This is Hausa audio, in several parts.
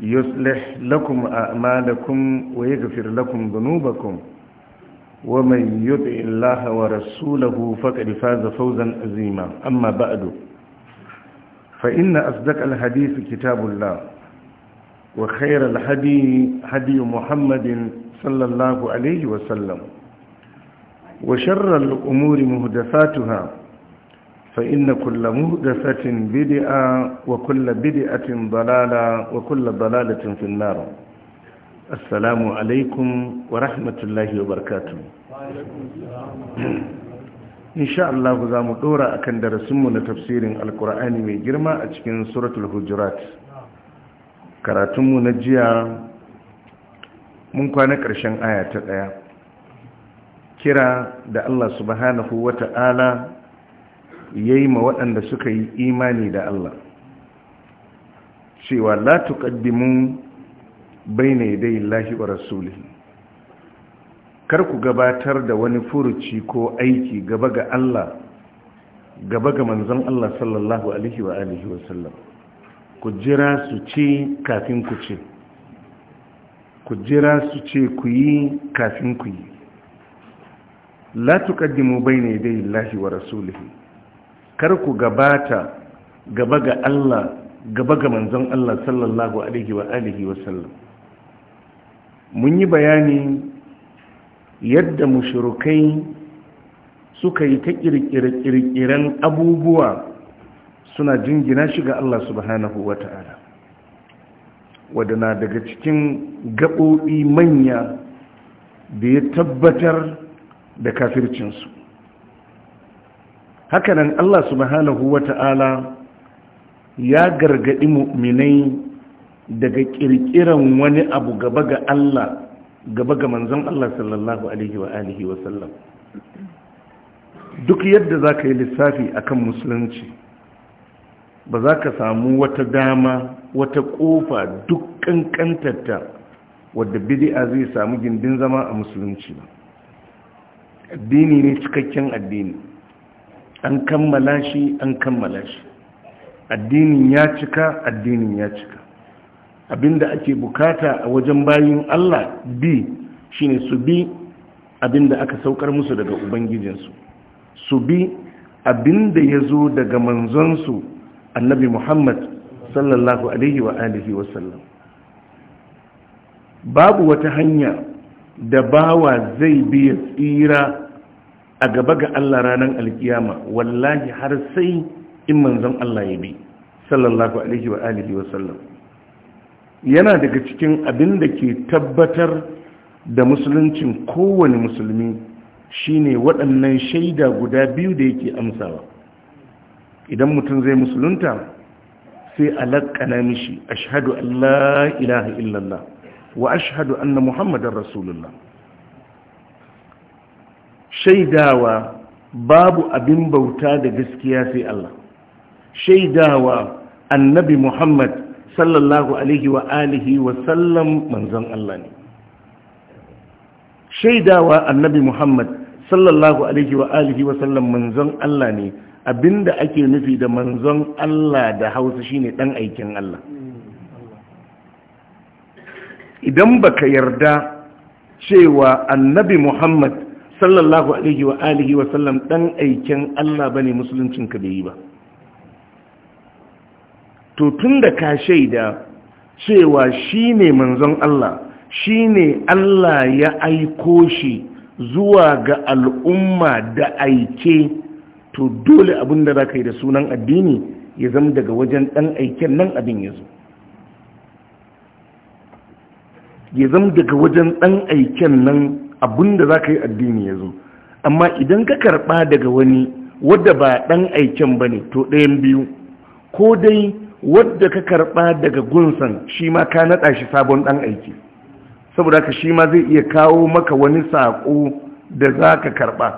يصلح لكم أعمالكم ويغفر لكم ذنوبكم ومن يطع الله ورسوله فقد فاز فوزا عظيما أما بعد فإن أصدق الحديث كتاب الله وخير الهدي هدي محمد صلى الله عليه وسلم وشر الأمور مهدفاتها فإن كل مهدسة بدعة وكل بدعة ضلالة وكل ضلالة في النار السلام عليكم ورحمة الله وبركاته إن شاء الله زام دورا أكن درسمنا تفسير القرآن من جرمى أتكين سورة الهجرات كراتم نجيا من كان كرشان آية تقيا كرا da Allah subhanahu wa ta'ala ya yi ma waɗanda suka yi imani da Allah cewa la tuqaddimu bayna yaday Allahi wa rasulihi kar ku gabatar da wani furuci ko aiki gaba ga Allah gaba ga manzon Allah sallallahu alaihi wa alihi wa sallam ku jira su ce kafin ku ce ku jira su ce ku yi kafin ku yi la tuqaddimu bayna yaday Allahi wa rasulihi kar ku gabata gaba ga Allah gaba ga manzon Allah sallallahu alaihi wa alihi wa sallam mun yi bayani yadda mushrikai suka yi ta kirkire-kirkiren abubuwa suna jingina shi ga Allah subhanahu wa ta'ala wadana daga cikin gaɓoɓi manya da ya tabbatar da kafircinsu hakanan Allah subhanahu Ta'ala ya gargadi mu'minai daga kirkiran wani abu gaba ga Allah gaba ga manzon Allah sallallahu alaihi wa alihi wa sallam duk yadda za ka yi lissafi akan musulunci ba za ka samu wata dama wata kofa duk kankantarta wadda bidi'a zai samu gindin zama a musulunci ba addini ne cikakken addini an kammala shi an kammala shi addinin ya cika addinin ya cika abinda ake bukata a wajen bayin Allah bi shine su bi abinda aka saukar musu daga ubangijinsu su bi abinda ya zo daga manzonsu annabi Muhammad sallallahu alaihi wa alihi wa sallam babu wata hanya da bawa zai biya tsira a gaba ga Allah ranar alkiyama wallahi har sai in manzon Allah ya bi sallallahu alaihi wa alihi wa sallam yana daga cikin abin da ke tabbatar da musuluncin kowane musulmi shine waɗannan shaida guda biyu da yake amsawa idan mutum zai musulunta sai laƙana mishi ashhadu an la ilaha illallah wa ashhadu anna muhammadar rasulullah shaidawa babu abin bauta da gaskiya sai Allah shaidawa annabi Muhammad sallallahu alaihi wa alihi wa sallam manzon Allah ne shaidawa annabi Muhammad sallallahu alaihi wa alihi wa sallam manzon Allah ne abinda ake nufi da manzon Allah da Hausa shine dan aikin Allah idan baka yarda cewa annabi Muhammad sallallahu alaihi wa alihi wa sallam dan aikin Allah bane musuluncin ka bai yi ba to tunda ka shaida cewa shine manzon Allah shine Allah ya aiko shi zuwa ga al'umma da aike to dole abin da za yi da sunan addini ya zama daga wajen ɗan aiken nan abin ya ya zama daga wajen ɗan aiken nan abinda za ka yi addini ya zo amma idan ka karɓa daga wani wadda ba ɗan aikin ba ne to ɗayan biyu ko dai wadda ka karɓa daga gunsan shi ma ka naɗa shi sabon ɗan aiki saboda ka shi ma zai iya kawo maka wani saƙo da za ka karɓa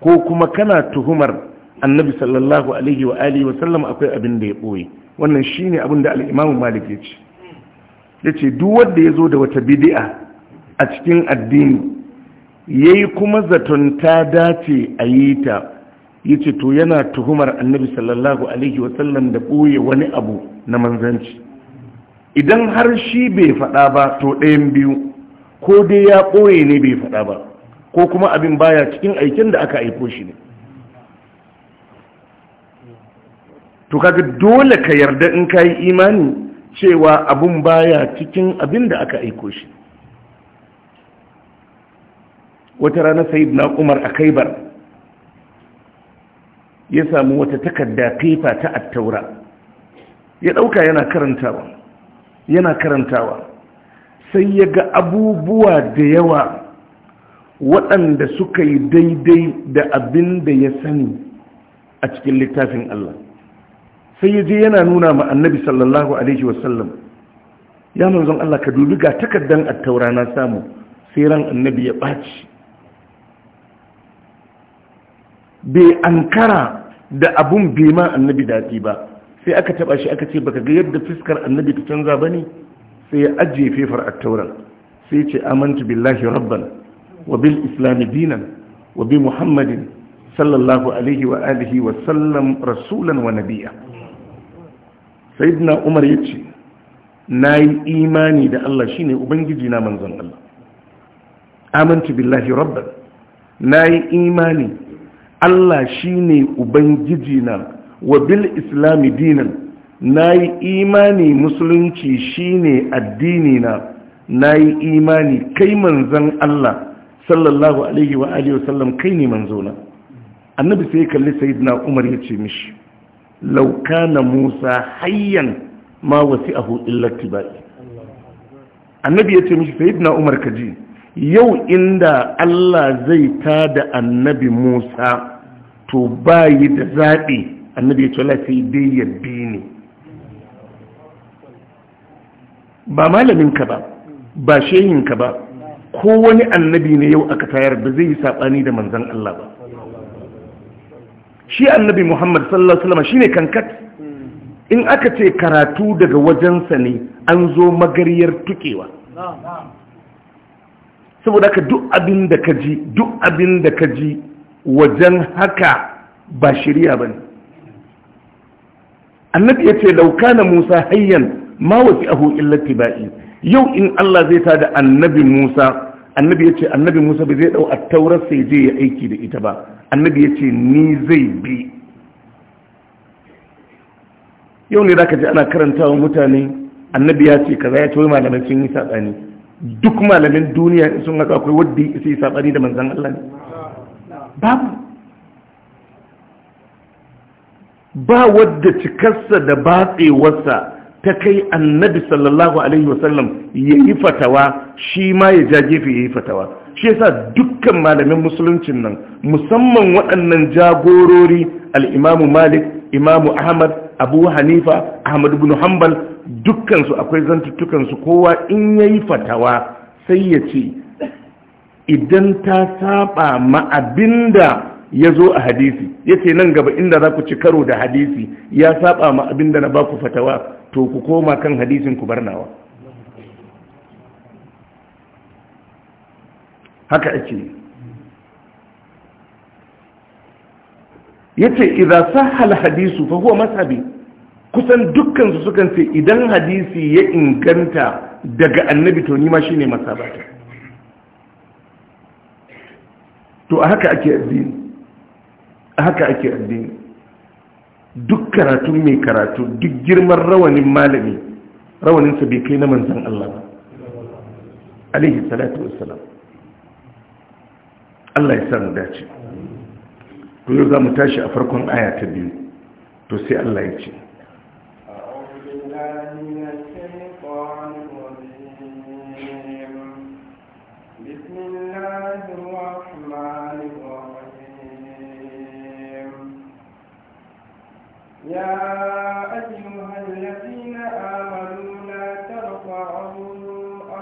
ko kuma kana tuhumar annabi sallallahu alaihi wa alihi wa sallam akwai abin da ya ɓoye wannan shi ne abin da al'imamu malik ya ce ya ce duk wadda ya zo da wata bidi'a a cikin addini ya yi kuma zaton ta dace a yi ta ya ce to yana tuhumar annabi sallallahu alaihi wasallam da ɓoye wani abu na manzanci idan har shi bai faɗa ba to ɗayan biyu ko dai ya ɓoye ne bai faɗa ba ko kuma abin baya cikin aikin da aka aiko shi ne to kaga dole ka yarda in ka yi imani cewa abin baya cikin abin da aka aiko shi ne wata rana sayid na umar a kaibar ya samu wata takarda fifa ta attaura ya ɗauka yana karantawa yana karantawa sai ya ga abubuwa da yawa waɗanda suka yi daidai da abin da ya sani a cikin littafin Allah sai ya je yana nuna ma annabi sallallahu alaihi wasallam ya manzon Allah ka dubi ga takardan attaura na samu sai ran annabi ya ɓaci bai ankara da abun bema annabi dadi ba sai aka taba shi aka ce baka ga yadda fiskar annabi ta canza bane sai ya ajiye fefar at-taurat sai ce amantu billahi rabban wa bil islam dinan wa bi muhammadin sallallahu alaihi wa alihi wa sallam rasulan wa nabiyya sayyidina umar yace nayi imani da Allah shine ubangiji na manzon Allah amantu billahi rabban nayi imani Allah shine ubangiji na wa bil islami dinan na yi imani musulunci shine addini na na yi imani kai manzan Allah sallallahu alaihi wa alihi wasallam kai ne manzona annabi sai kalli sayyidina umar ya ce mishi Lauka na musa hayyan ma wasi'ahu illa tibai annabi ya ce mishi sayyidina umar kaji yau inda Allah zai ta da annabi Musa to bayi da zaɓi annabi ya sai dai ya bi ne ba malaminka ba ba shehinka ba ko wani annabi ne yau aka tayar da zai yi saɓani da manzan Allah ba shi annabi Muhammad sallallahu Alaihi wasallam shi ne kankat in aka ce karatu daga wajensa ne an zo magariyar tukewa saboda ka duk abin da ka ji duk abin da ka ji wajen haka ba shirya ba ne annabi ya ce na musa hayyan ma wasu ahu illati ba'i yau in allah zai ta da annabi musa annabi ya ce annabi musa bai zai dau a taurar sai je ya aiki da ita ba annabi ya ce ni zai bi yau ne za ka ji ana karantawa mutane annabi ya ce kaza ya ce wai malamai sun yi saɓani duk malamin duniya sun haka akwai wadda isa yi da manzan Allah ne babu ba wadda cikarsa da batsewarsa ta kai annabi sallallahu alaihi wasallam ya yi fatawa shi ma ya ja gefe ya yi fatawa shi yasa dukkan malamin musuluncin nan musamman waɗannan jagorori al'imamu malik imamu ahmad abu hanifa ahmad ibn hanbal dukkansu akwai zantuttukansu kowa in ya yi fatawa sai ya ce idan ta saba ma abinda ya zo a hadisi ya ce nan gaba inda za ku ci karo da hadisi ya saba ma abinda na ba ku fatawa to ku koma kan hadisin ku barnawa haka ake ya ce idan sahal hadisu fa huwa masabi kusan dukkan su sukan ce idan hadisi ya inganta daga annabi to nima shine masabata to a haka ake addini a haka ake addini duk karatun mai karatu duk girman rawanin malami rawaninsa bai kai na manzan Allah ba alaihi salatu wassalam Allah ya samu dace to yau za mu tashi a farkon aya ta biyu to sai Allah ya ce من الشيطان الرجيم بسم الله الرحمن الرحيم يا أيها الذين آمنوا لا ترفعوا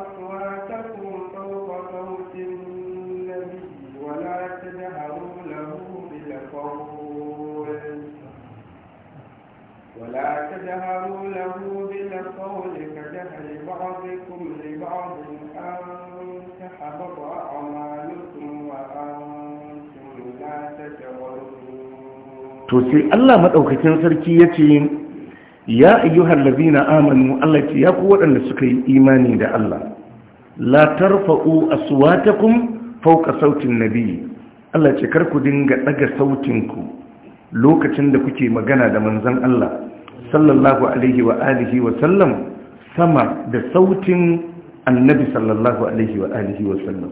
أصواتكم فوق النبي ولا له ولا تجهروا To sai Allah maɗaukacin sarki تحبط أعمالكم وأنتم لا تشعرون توسي amanu Allah ce ya ku waɗanda suka yi imani da Allah la tarfa'u aswatakum fawqa sautin nabi Allah ce kar ku dinga ɗaga sautin ku lokacin da kuke magana da manzon Allah sallallahu alaihi wa alihi wa sallam sama da sautin annabi sallallahu alaihi wa alihi wa sallam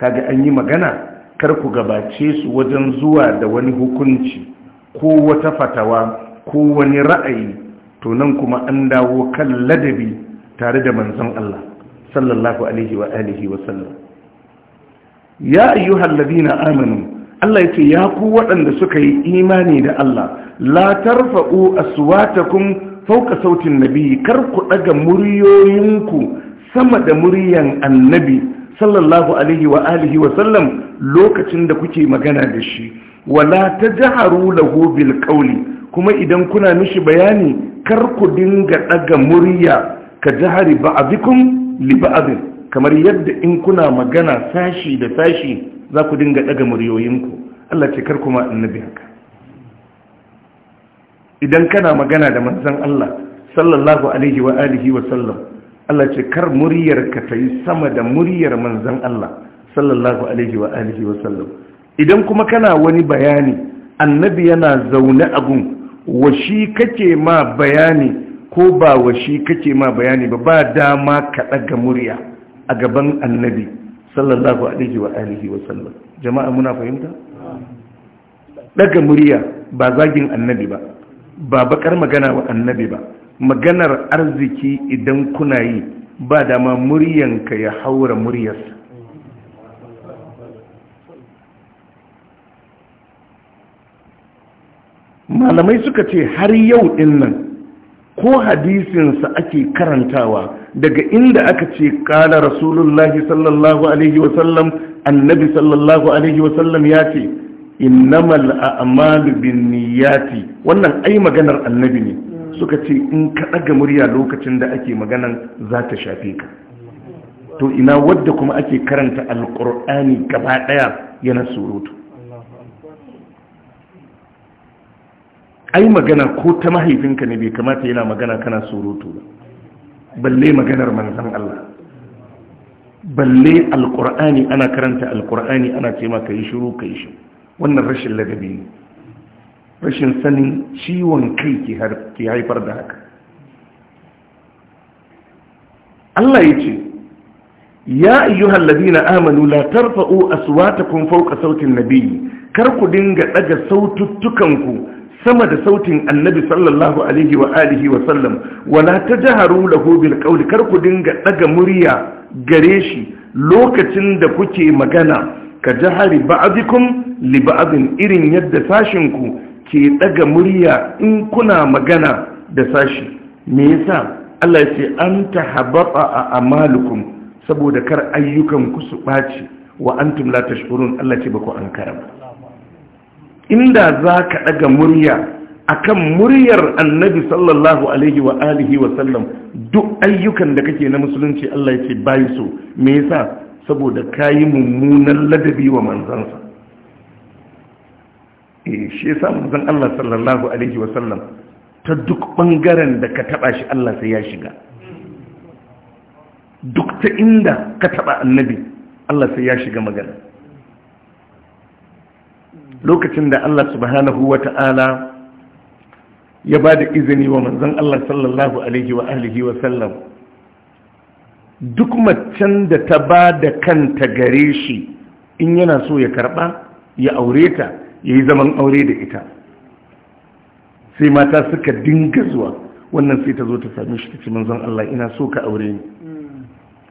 kaga an yi magana kar ku gabace su wajen zuwa da wani hukunci ko wata fatawa ko wani ra'ayi to nan kuma an dawo kan ladabi tare da manzon Allah sallallahu alaihi wa alihi wa sallam ya ayyuhal ladina amanu Allah yake ya ku waɗanda suka yi imani da Allah la tarfa'u aswatakum fawqa sautin nabi kar ku daga muryoyinku sama da muryan annabi sallallahu alaihi wa alihi wa sallam lokacin da kuke magana da shi wala tajharu lahu bil qawli kuma idan kuna mishi bayani kar ku dinga daga murya ka jahari ba'dikum li ba'd kamar yadda in kuna magana sashi da sashi za ku dinga daga muryoyinku Allah ce kar kuma annabi haka idan kana magana da manzan Allah sallallahu alaihi wa alihi wa sallam Allah ce kar muryar ka ta yi sama da muryar manzan Allah sallallahu alaihi wa alihi wa sallam idan kuma kana wani bayani annabi yana zaune gun, wa shi kake ma bayani ko ba wa shi kake ma bayani ba ba dama ka daga murya a gaban annabi sallallahu alaihi wa alihi wa sallam jama'a muna fahimta daga murya ba zagin annabi ba ba bakar magana wa annabi ba maganar arziki idan kuna yi ba dama muryanka ya haura muryarsa malamai suka ce har yau din nan ko hadisinsa ake karantawa daga inda aka ce kala rasulullahi sallallahu alaihi wasallam annabi sallallahu alaihi wasallam ya ce innamal a'malu binniyati wannan ai maganar annabi ne suka ce in ka daga murya lokacin da ake maganan za ta shafe ka to ina wadda kuma ake karanta alqur'ani gaba daya yana surutu ai magana ko ta mahaifinka ne bai kamata yana magana kana surutu ba balle maganar manzon Allah balle alqur'ani ana karanta alqur'ani ana ce maka shiru kai shiru wannan rashin ladabi ne rashin sanin ciwon kai ke haifar da haka Allah ya ce ya ayyuhal ladina amanu la tarfa'u kun fauka sautin nabiyyi kar ku dinga daga saututtukanku sama da sautin annabi sallallahu alaihi wa alihi wa sallam wala tajaharu lahu bil qawli kar ku dinga daga murya gare shi lokacin da kuke magana ka jahari ba'adikum li ba'adin irin yadda sashinku ke daga murya in kuna magana da sashi me yasa Allah ya ce an tahabata a amalukum saboda kar ayyukan ku su ɓaci wa antum la tashkurun Allah ce bako an karama inda za ka daga murya akan muryar annabi sallallahu alaihi wa alihi wa sallam duk ayyukan da kake na musulunci Allah ya ce bayi so me yasa saboda kayi mummunan ladabi wa manzansa eh shi yasa manzon Allah sallallahu alaihi wa sallam ta duk bangaren da ka taba shi Allah sai ya shiga duk ta inda ka taba annabi Allah sai ya shiga magana lokacin da Allah subhanahu wata'ala ya ba da izini wa manzon Allah sallallahu alaihi wa alihi wa sallam duk macen da ta ba da kanta gare shi in yana so ya karba ya aure ta ya yi zaman aure da ita sai mata suka dinga zuwa wannan sai ta zo ta sami shi ta ce manzon Allah ina so ka aure ni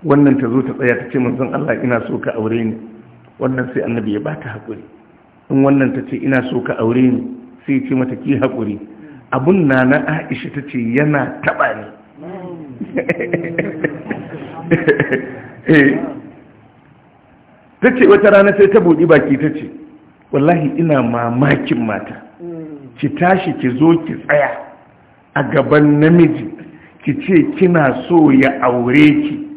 wannan ta zo ta tsaya ta ce manzon Allah ina so ka aure ni wannan sai annabi ya bata hakuri in wannan ta ce ina so ka aure ni sai ce mata ki hakuri abun na Aisha ta ce yana taba ni mm. Eh. ta ce wata rana sai ta buɗi baki ta ce wallahi ina mamakin mata ki tashi ki zo ki tsaya a gaban namiji ki ce kina so ya aure ki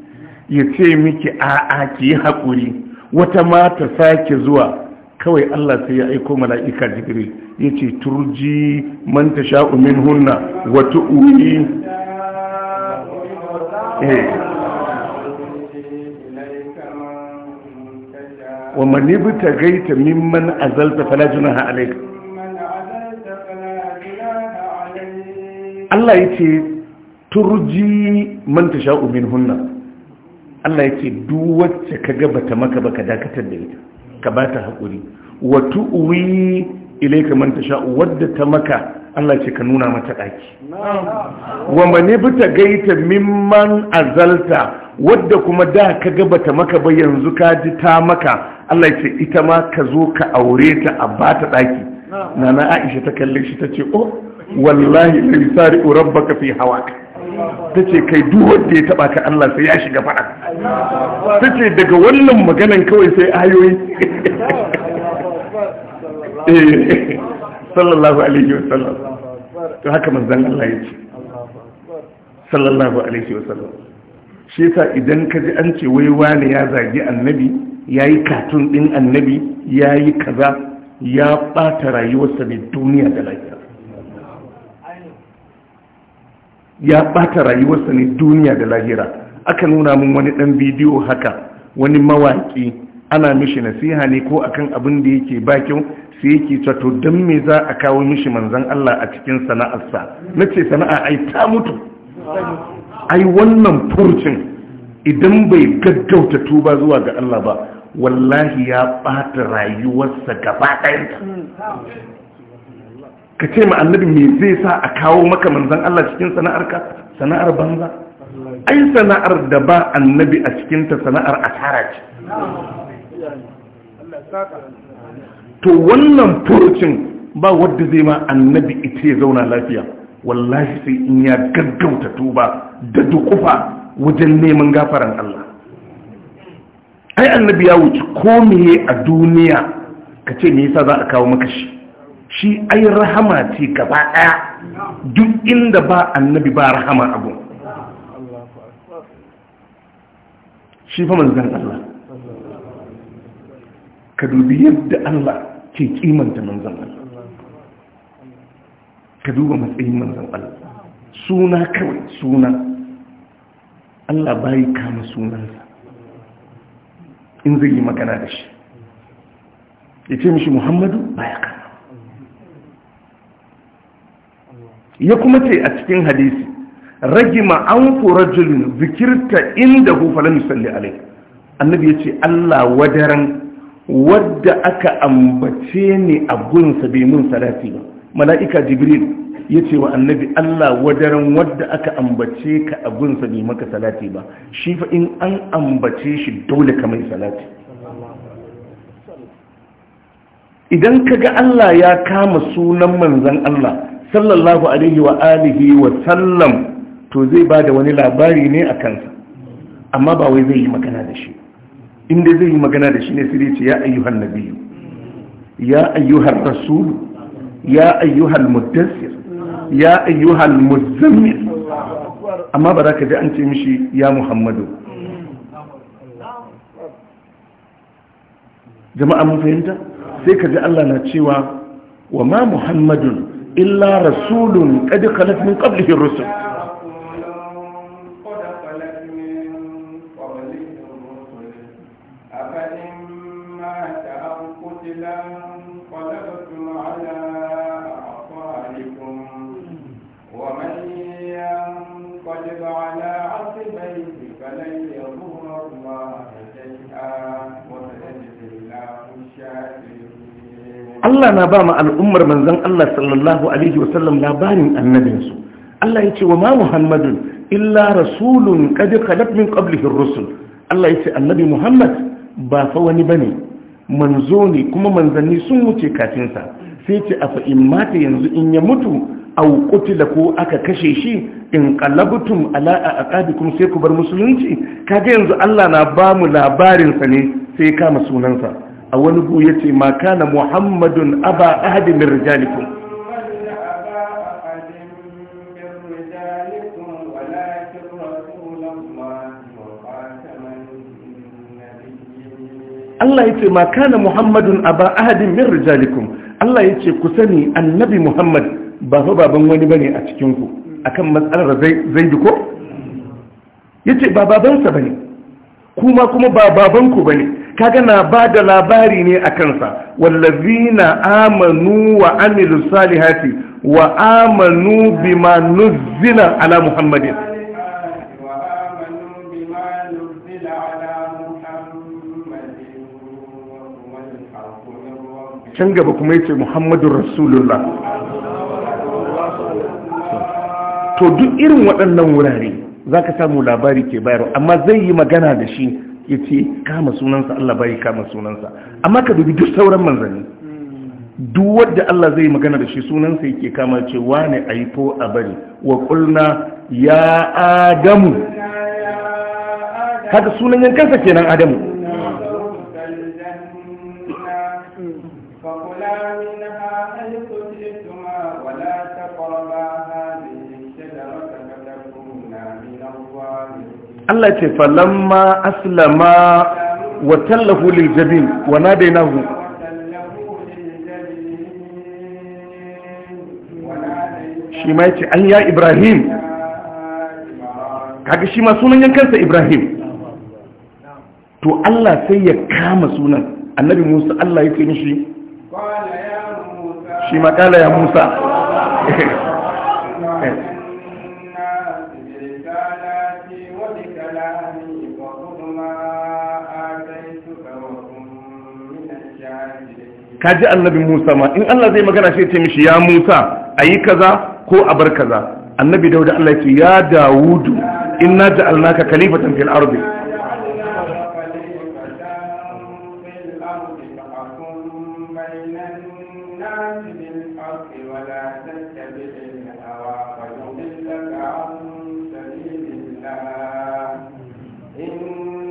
ya ce miki a'a ki yi haƙuri wata mata sake zuwa kawai Allah sai ya aiko mala'ika jibril ya ce turji manta sha'umin hunna wata uri eh. wa bi ta gaita mimman azalta fala junaha alaik Allah ya ce turji man ta sha'u min hunna Allah ya ce duwacce ka gabata maka baka dakatar da ita ka ba ta haƙuri wa tu'uwi ilaika man ta sha'u wadda ta maka Allah ce ka nuna mata ɗaki wa mani ta gaita mimman azalta wadda kuma da ka gabata maka ba yanzu ka ji ta maka Allah ce ita ma ka zo ka aure ta a bata daki nana Aisha ta kalle shi tace oh wallahi la yusari'u rabbaka fi hawaka tace kai duk wanda ya taba ka Allah sai ya shiga fada tace daga wannan maganan kawai sai ayoyi eh, sallallahu alaihi wa sallam. to haka manzon Allah ya ce sallallahu alaihi wa sallam. shi yasa idan ka ji an ce wai wani ya zagi annabi ya yi katun ɗin annabi ya yi kaza ya ɓata rayuwarsa ne duniya da lahira ya ɓata rayuwarsa ne duniya da lahira aka nuna min wani ɗan bidiyo haka wani mawaƙi ana mishi nasiha ne ko akan abin da yake ba kyau sai yake cato don me za a kawo mishi manzan Allah a cikin sana'arsa na ce sana'a ai ta mutu ai wannan furcin idan bai gaggauta tuba zuwa ga Allah ba wallahi ya bata rayuwarsa gaba ɗayanta ka ce ma annabi me zai sa a kawo maka manzan Allah cikin sana'arka sana'ar banza ai sana'ar da ba annabi a cikinta sana'ar asara ce to wannan furcin ba wanda zai ma annabi ita ya zauna lafiya wallahi sai in ya gaggauta tuba da dukufa wajen neman gafaran Allah ai annabi ya wuce komiye a duniya ka ce me yasa za a kawo maka shi shi ai rahama ce gaba ɗaya duk inda ba annabi ba rahama abu shi fa manzan Allah ka dubi yadda Allah ke kimanta manzan Allah ka duba matsayin manzan Allah suna kawai suna Allah bayi kama sunansa in zai yi magana da shi ya ce mishi muhammadu baya kama ya kuma ce a cikin hadisi rage ma'amfu rajulun zikirta inda hufalin musalli alai annabi ya ce Allah wadaran wadda aka ambace ni a gunsa bai mun salati ba mala'ika jibril ya ce wa annabi Allah wadaran wadda aka ambace ka abinsa ne maka salati ba shi fa in an ambace shi dole ka mai salati idan ka ga Allah ya kama sunan manzan Allah sallallahu alaihi wa alihi wa sallam to zai ba da wani labari ne a kansa amma ba wai zai yi magana da shi inda zai yi magana da shi ne sai ce ya ayyuhan nabiyu ya ayyuhan rasulu ya ayyuhan muddassir ya ayyuhal muzammil amma ba za ka ji an ce mishi ya muhammadu jama'a mun fahimta sai ka ji Allah na cewa wa ma muhammadun illa rasulun qad kalafin min rusul Allah na ba ma al'ummar manzon Allah sallallahu alaihi wasallam labarin annabinsu Allah ya ce wa ma Muhammadun illa rasulun qad khalat min qablihi ar-rusul Allah ya ce annabi Muhammad ba fa wani bane manzo ne kuma manzanni sun wuce kafin sa sai ce a in mata yanzu in ya mutu aw qutila ko aka kashe shi in qalabtum ala kuma sai ku bar musulunci kaga yanzu Allah na ba mu labarin ne sai kama sunansa a wani bu ya ce ma muhammadun aba ahadi min rijalikum Allah ya ce ma muhammadun aba ahadi min rijalikum Allah ya ce ku sani annabi muhammad ba fa baban wani bane a cikinku akan matsalar zai ko ya ce ba babansa bane kuma kuma ba babanku bane kaga na ba da labari ne a kansa wallazina amanu wa amilu salihati wa amanu bima nuzzila ala muhammadin can gaba kuma yace muhammadun rasulullah to duk irin waɗannan wurare za ka samu labari ke bayarwa amma zai yi magana da shi ya kama sunansa Allah bai kama sunansa amma ka dubi duk sauran manzanni duk wanda Allah zai magana da shi sunansa yake kama ce wane aifo a bari wa kulna ya adamu haka sunan yankansa kenan adamu Allah ce falamma aslama wa tallahu lil jabin wa nadainahu shi ma yace an ya Ibrahim kaga shi ma sunan kansa Ibrahim to Allah sai ya kama sunan annabi Musa Allah yake shi shi ma kala ya Musa eh. ka ji annabi musa ma in allah zai magana shi ce mishi ya musa ayi kaza ko a bar kaza annabi dauda allah ya ce ya Dawud inna ja'alnaka khalifatan fil ardi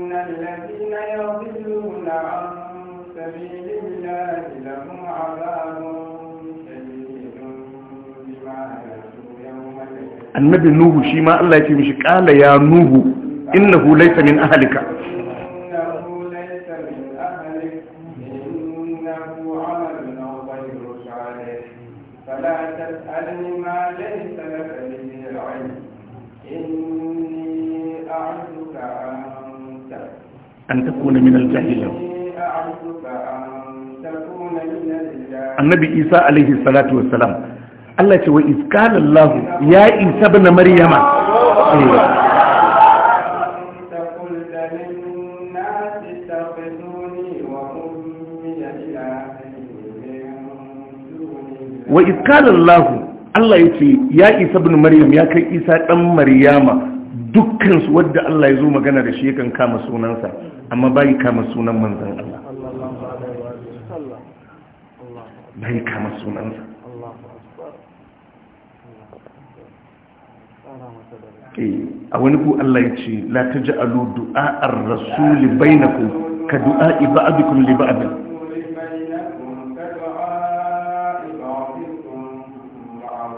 الذين يضلون annabi nuhu shi ma Allah ya ce mishi kala ya nuhu innahu laysa min ahlika أن تكون من الجاهلين النبي إيسى عليه الصلاة والسلام Allah ce wa iskalallahu ya isa bin maryama wa iskalallahu Allah ya ce ya isa bin maryam ya kai isa dan maryama dukkansu wadda Allah ya zo magana da shi kan kama sunansa amma bai kama sunan manzan Allah bai kama sunansa Eh, a wani ku Allah ya ce la ta ji alu du'a'ar rasuli bainakum ka du'a'i abikun liba abin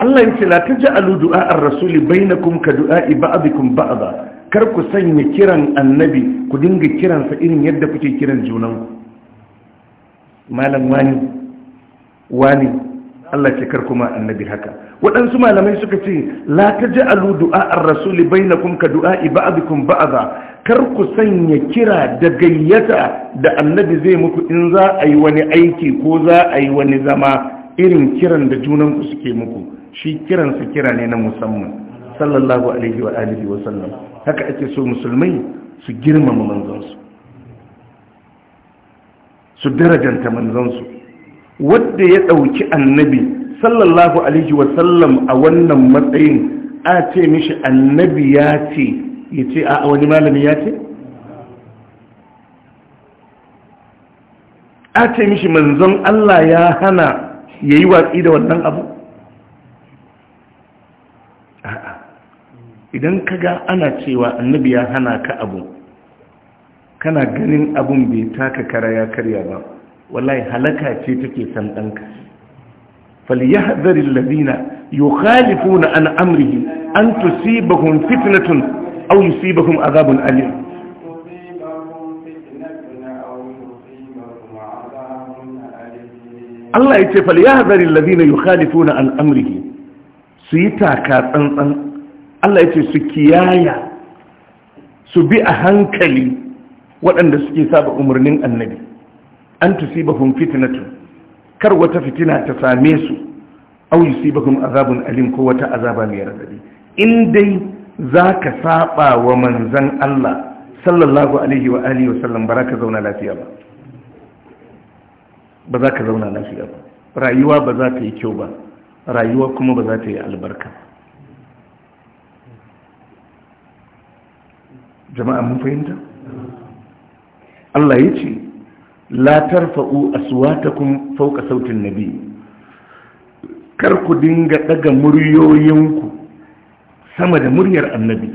Allah ya ce la ta ji alu du'a'ar rasuli bainakum ka du'a'i a ba kar ku sanya kiran annabi ku dinga kiransa irin yadda kuke kiran junanku malam wani wani Allah ce kar kuma annabi haka waɗansu malamai suka ce la ta ji alu du'a'ar rasuli bai na kuma ka du'a'i ba'adukun ba'aza kar ku sanya kira da gayyata da annabi zai muku in za a yi wani aiki ko za a yi wani zama irin kiran da junanku suke muku shi su kira ne na musamman sallallahu alaihi wa alihi wa sallam haka ake so musulmai su girmama manzansu su darajanta manzansu wanda ya ɗauki annabi sallallahu alaihi wasallam a wannan matsayin a ce mishi annabi ya ce ya ce a wani malami ya ce a ce mishi manzon Allah ya hana ya yi watsi da wannan abu idan ka ga ana cewa annabi ya hana ka abu kana ganin abun bai taka kara ya karya ba wallahi halaka ce take san ɗanka فليحذر الذين يخالفون عن امره ان تصيبهم فتنه او يصيبهم عذاب اليم الله يتي فليحذر الذين يخالفون عن امره سيتاكا تنتن الله يتي سكيايا سبي اهنكلي وأن دا سكي ساب امرنين النبي ان تصيبهم فتنه kar wata fitina ta same su aw yusibakum azabun alim ko wata azaba mai radadi in dai za ka saba wa manzan Allah sallallahu alaihi wa alihi wa sallam ka zauna lafiya ba ba za ka zauna lafiya ba rayuwa ba za ta yi kyau ba rayuwa kuma ba za ta yi albarka jama'a mun fahimta Allah ya ce la tarfa'u aswatakum fawqa sautin nabi kar ku dinga daga muryoyinku sama da muryar annabi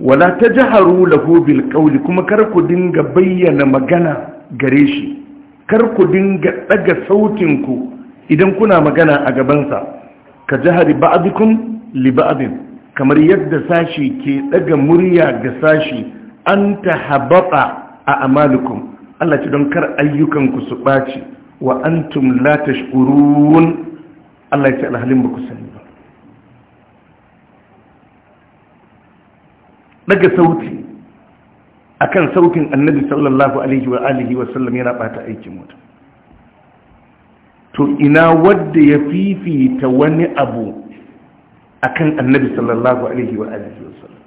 wala tajharu lahu bil qawli kuma kar ku dinga bayyana magana gare shi kar ku dinga daga sautinku idan kuna magana a gabansa ka jihari ba'abikum li kamar yadda sashi ke ɗaga murya ga sashi an ta hababa a amalukum Allah ce don kar ayyukanku su ɓaci wa antum la tashkurun Allah ya ce alhalin ba ku sani ba daga sauti akan sautin annabi sallallahu alaihi wa alihi wa sallam yana bata aikin mutum to ina wadda ya fifita wani abu akan annabi sallallahu alaihi wa alihi wa sallam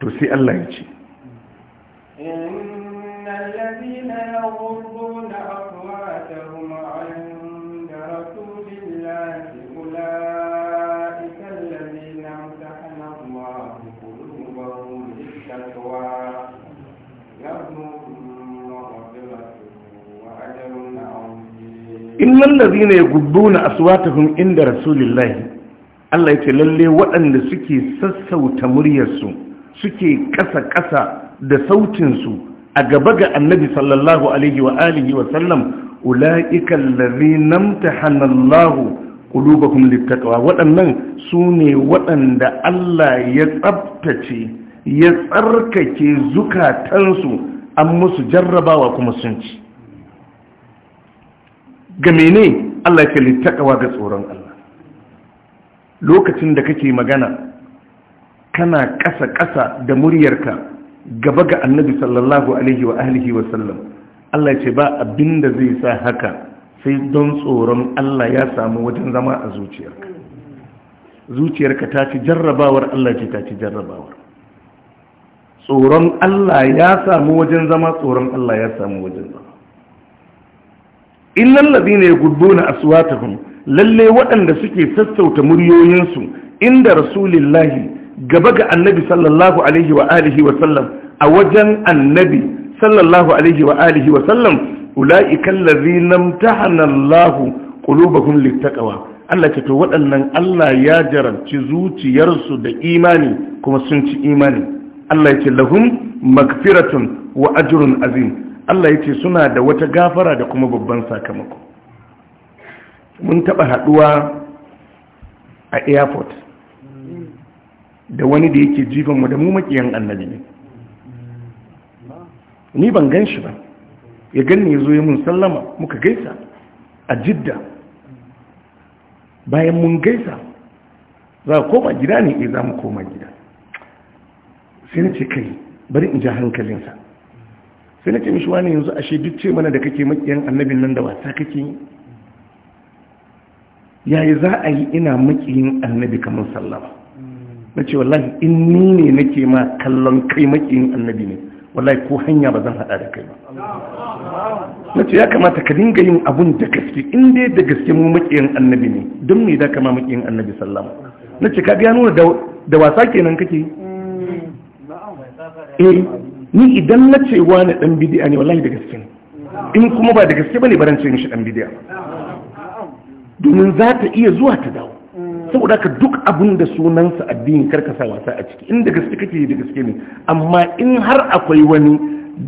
to sai Allah ya ce إن الذين يغضون أقواتهم عند رسول الله أولئك الذين امتحن الله قلوبهم للتقوى Innan da zina ya gudu na aswatahun inda Rasulillahi, Allah ya lalle waɗanda suke sassauta muryarsu. suke ƙasa-ƙasa da sautinsu a gaba ga annabi sallallahu alaihi wa alihi wa sallam ula'ikan larinan ta hannallahu ƙulubakun littattawa waɗannan su ne waɗanda Allah ya tsabtace ya tsarkake zukatansu an musu jarrabawa kuma sun ci game ne Allah ya littattawa ga tsoron Allah lokacin da kake magana kana ƙasa ƙasa da muryarka gaba ga annabi sallallahu alaihi wa alihi wa sallam Allah ce ba abin da zai sa haka sai don tsoron Allah ya samu wajen zama a zuciyarka zuciyarka ta ci jarrabawar Allah ce ta ci jarrabawar tsoron Allah ya samu wajen zama tsoron Allah ya samu wajen zama illal ladina yaghudduna aswatuhum lalle waɗanda suke sassauta muryoyinsu inda rasulullahi gaba ga annabi sallallahu alaihi wa alihi wa sallam a wajen annabi sallallahu alaihi wa alihi wa sallam ula'ikan nan ta Allah qulubahum littaqwa Allah ce to waɗannan Allah ya jarabci zuciyarsu da imani kuma sun ci imani Allah ya ce lahum magfiratun wa ajrun azim Allah ya ce suna da wata gafara da kuma babban sakamako mun taɓa haɗuwa a airport da wani da yake jifanmu da mu makiyan annabi ne ni ban gan shi ba ya ganni ya zo mun sallama muka gaisa a jidda bayan mun gaisa za a koma gida ne e za mu koma gida sai na ce kai bari in ja hankalinsa sai na ce mishi wani yanzu ashe duk ce mana da kake makiyan annabin nan da wasa kake yi yayi za a yi ina makiyin annabi kamar sallama na ce wallahi in ni ne nake ma kallon kai makiyin annabi ne wallahi ko hanya ba zan hada da kai ba na ce ya kamata ka dinga yin abun da gaske in dai da gaske mu makiyin annabi ne don me da kama makiyin annabi sallama na ce ka ga nuna da wasa kenan kake eh ni idan na ce wani dan bid'a ne wallahi da gaske ne in kuma ba da gaske bane baran ce mishi dan bid'a domin za ta iya zuwa ta dawo saboda ka duk abin da sunansa addini karka sa wasa a ciki inda gaske kake da gaske ne amma in har akwai wani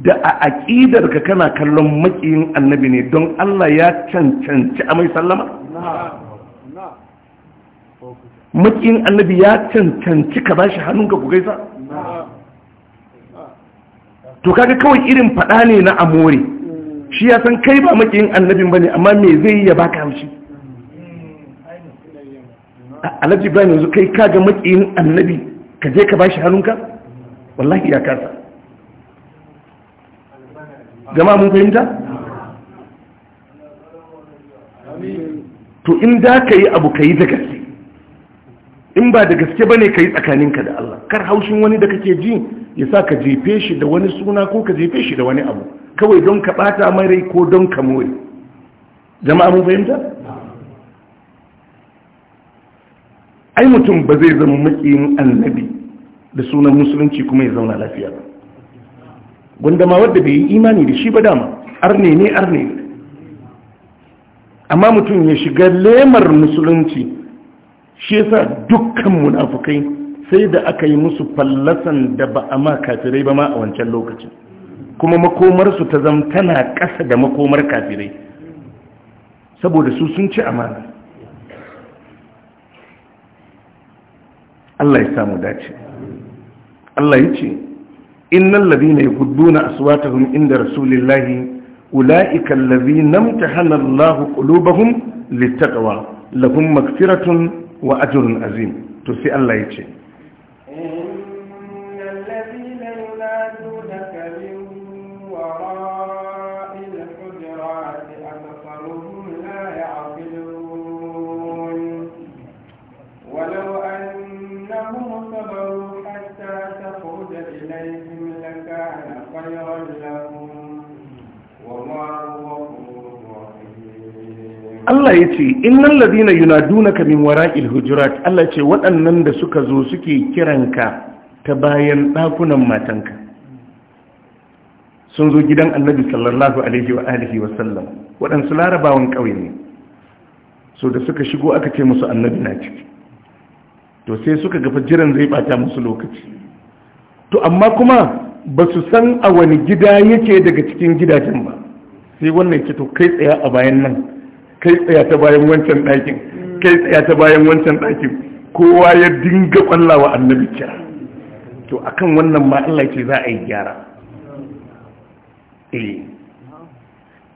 da a aƙidar ka kana kallon makiyin annabi ne don Allah ya cancanci amai sallama makiyin annabi ya cancanci ka bashi hannun ka ku gaisa to kaga kawai irin faɗa ne na amore shi ya san kai ba makiyin annabin bane amma me zai yi ya baka haushi alhaji ibrahim yanzu kai kaga makiyin annabi ka je ka bashi hannunka wallahi ya kasa gama mun fahimta to in da ka yi abu ka yi da gaske in ba da gaske ba ne ka yi tsakaninka da Allah kar haushin wani da kake ji ya sa ka jefe shi da wani suna ko ka jefe shi da wani abu kawai don ka bata mai rai ko don ka more jama'a mun fahimta ai mutum ba zai zama makiyin annabi da sunan musulunci kuma ya zauna lafiya ba gwanda ma wadda bai yi imani da shi ba dama arne ne arne ne amma mutum ya shiga lemar musulunci shi yasa dukkan munafukai sai da aka yi musu fallasan da ba a ma kafirai ba ma a wancan lokacin kuma makomarsu ta zama tana kasa da makomar kafirai saboda su sun ci amana Allah ya samu dace Allah ya ce innal ladina yuhudduna aswatahum inda rasulillahi ulaika alladhina imtahana Allah qulubahum littaqwa lahum maghfiratun wa ajrun azim to sai Allah ya ce Allah ya ce innal ladina yunadunaka min wara'il hujurat Allah ce waɗannan da suka zo suke kiranka ta bayan ɗakunan matanka sun zo gidan annabi sallallahu alaihi wa alihi wa sallam waɗansu larabawan ƙauye ne so da suka shigo aka ce musu annabi na ciki to sai suka gafa jiran zai bata musu lokaci to amma kuma ba su san a wani gida yake daga cikin gidajen ba sai wannan ce to kai tsaya a bayan nan kai tsaya ta bayan wancan ɗakin kai tsaya ta bayan wancan ɗakin kowa ya dinga kwallawa annabi kira to akan wannan ma Allah ce za a yi gyara eh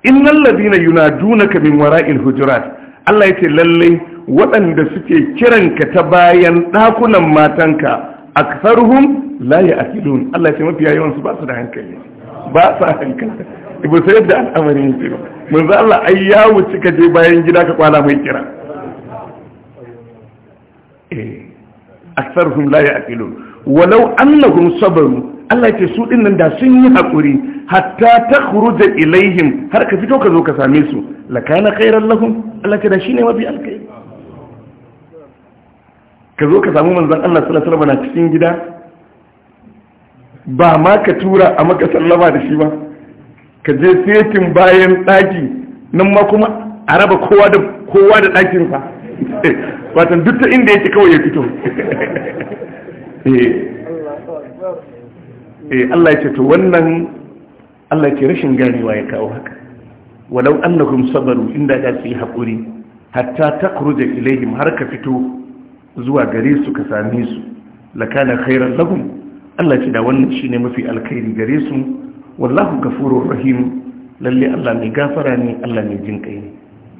innal ladina yunadunaka min wara'il hujurat Allah yace lallai waɗanda suke kiranka ta bayan ɗakunan matanka aktharuhum la ya'qilun Allah ce mafiya yawan su ba su da hankali ba sa hankali ba sai yadda al'amarin yake ba manzo Allah ai ya wuce ka je bayan gida ka kwala mai kira eh aktharuhum la ya'qilun walau annahum sabaru Allah ya ce su din nan da sun yi hakuri hatta takhruja ilaihim har ka fito ka zo ka same su lakana khairan lahum Allah ya da shine mafi alkai ka zo ka samu manzon Allah sallallahu alaihi wasallam na cikin gida ba ma ka tura a maka sallama da shi ba ka je setin bayan ɗaki nan ma kuma a raba kowa da kowa da ɗakinsa watan duk ta inda yake kawai ya fito eh. eh Allah ya ce to wannan Allah ya ce rashin ganewa ya kawo haka walau annahum sabaru inda da su yi haƙuri hatta takhruja ilaihim har ka fito zuwa gare su ka same su lakana khairan lahum Allah ya ce da wannan shine mafi alkhairi gare su wallahu gafurur rahim lalle Allah mai gafara ne Allah mai jin kai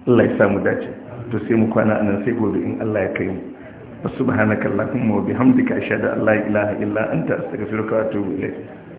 Allah ya samu dace to sai mu kwana anan sai gobe in Allah ya kai mu subhanakallahumma wa bihamdika ashhadu an la ilaha illa anta astaghfiruka wa atubu ilayk